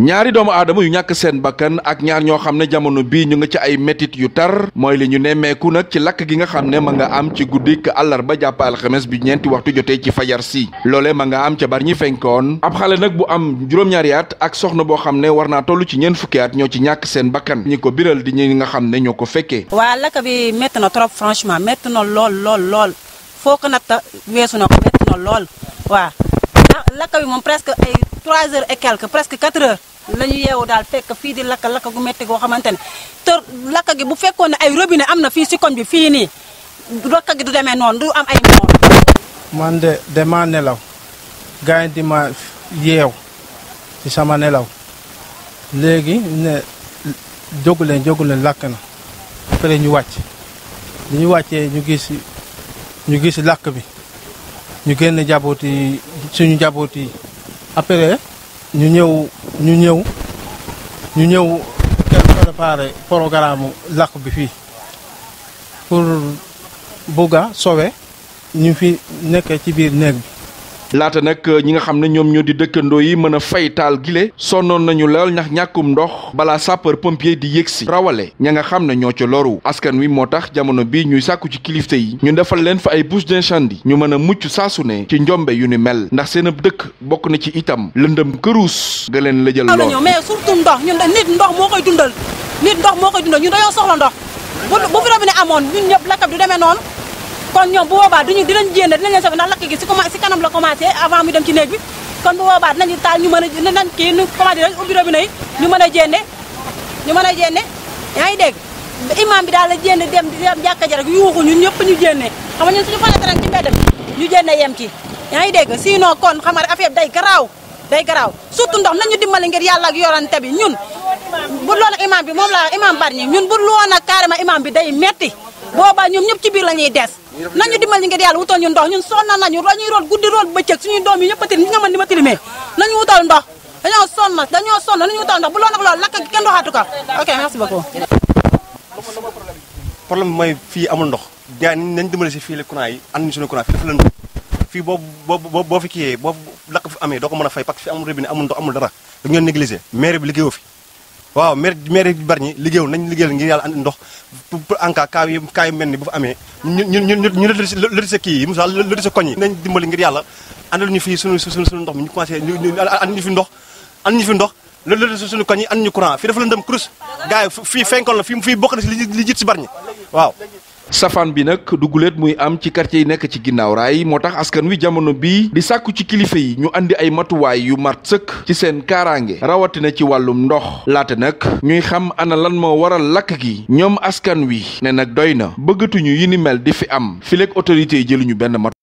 ñaari doomu aadama yu ñak seen bakkan ak ñaar ño xamne jamono bi ñu nga ci ay metit yu tar moy li ñu nemmeeku nak ci lak gi nga xamne ma nga am ci guddik japp al khamis bi ñenti waxtu jotté ci fajar si lolé ma nga am ci bar ñi fenkoon ab xalé nak bu am juroom ñaar yaat ak soxna bo xamne warna tollu ci ñen fukki at ño ci ñak seen bakkan ñi ko biral di ñi nga xamne ño ko fekke wa lak bi metti na trop franchement metti na lol lol lol foo na ta weesu na na lol wa lakk bi moom presque ay 3 heures et quelque presque 4 heures la ñu yeewu daal fekk fii di lakk lakk gu métti goo xamante ne te lakk gi bu fekkoon ne ay robine am na fii si koñ bi fii nii lakk gi du demee noonu du am ay moon man de dama nelaw gars yi di ma yeew ci sama nelaw léegi ne jógu leen jógu lakk na après ñu wàcc ñu wàccee ñu gis ñu gis lakk bi ñu génn jaboot yi suñu jaboot yi après ñu ñëw ñu ñëw ñu ñëw préparé programme làkk bi fii pour bugga sowe ñu fi nekkee ci biir néeg bi laata nag euh, ñi nga xam ne ñoom ñoo di dëkkandoo yi mën a fay taal gile sonnoon nañu lool ndax ñàkkum ndox balaa sapeur pompier di yëgsi rawale ña nga xam ne ñoo ci loru askan wi moo tax jamono bii ñuy sàkku ci kilifte yi ñu defal leen fa ay bouche d'incendie ñu mën a mucc saasu ne ci njombe yu ni mel ndax seen ab dëkk bokk na ci itam lëndëm këruus nga leen lëjal lool mais surtout ndox nit ndox moo koy dundal nit ndox moo koy dundal ñun dañoo soxla ndox kon ñom bu boobaa duñu di dinañ jéem dinañ leen sobi na lakki gi ci commencé si kanam la commencé avant mu dem ci neeg bi kon bu boobaa dinañu ta ñu mëna a dinañ kii nu comment dire ubbi robinet yi ñu mëna a ñu mëna a yaay yaa dégg imam bi da la jéende dem dem jàkka ja rek waxu ñun ñëpp ñu jéende xam nga ñu suñu fane rek ci mbedd ñu jéende yem ci yaay ngi dégg sinon kon xam nga affaire day graw day graw surtout ndox nañu dimbali ngir yalla ak yorante bi ñun bu lool imam bi mom la imam barni ñun bu loon ak carrément imam bi day metti boba ñom ñep ci biir lañuy dess nañu dimbali ngir yàlla wutal ñu ndox ñun sonal nañu dañuy root guddi root bëccëg suñuy doom yi ñëpp a tilim ñi nga mën di ma tilimee nañu wutal ndox dañoo sonn dañoo sonn nañu ndox bu loolu nag loolu lakk kenn doxaatu ko ok merci beaucoup problème bi mooy fii amul ndox gaa yi nañ dimbali si fii la courant yi and ñu suñu courant fii dafa boo boo boo fi kiyee boo lakk fi amee doo mën a fay parce que amul robinet amul ndox amul dara dañoo négligé maire bi liggéeyoo fi waaw maire maire yi bari ñi liggéeyoon nañ liggéeyal ngir yàlla ndox pour en cas cas yu cas yu mel ni bu fa amee ñu ñu ñu ñu lotise kii yi Moussa lotise koñ yi nañ ngir yàlla àndal ñu fii suñu suñu ndox mi ñu commencé and ñu fi ndox and ñu fi ndox and ñu courant fii dafa la dem crous gars yi fii fenkoon si li si bari ñi waaw safaan bi nag duguleet muy am ci quartier yi nekk ci ginnaaw raay moo tax askan wi jamono bii di sàkku ci kilifa yi ñu indi ay matuwaay yu mat sëkk ci seen kaaraange rawatina ci wàllum ndox laata nag ñuy xam ana lan moo waral lakk gi ñoom askan wi ne nag doy na bëggatuñu yi ni mel di fi am fileeg autorité yi jëluñu benn mat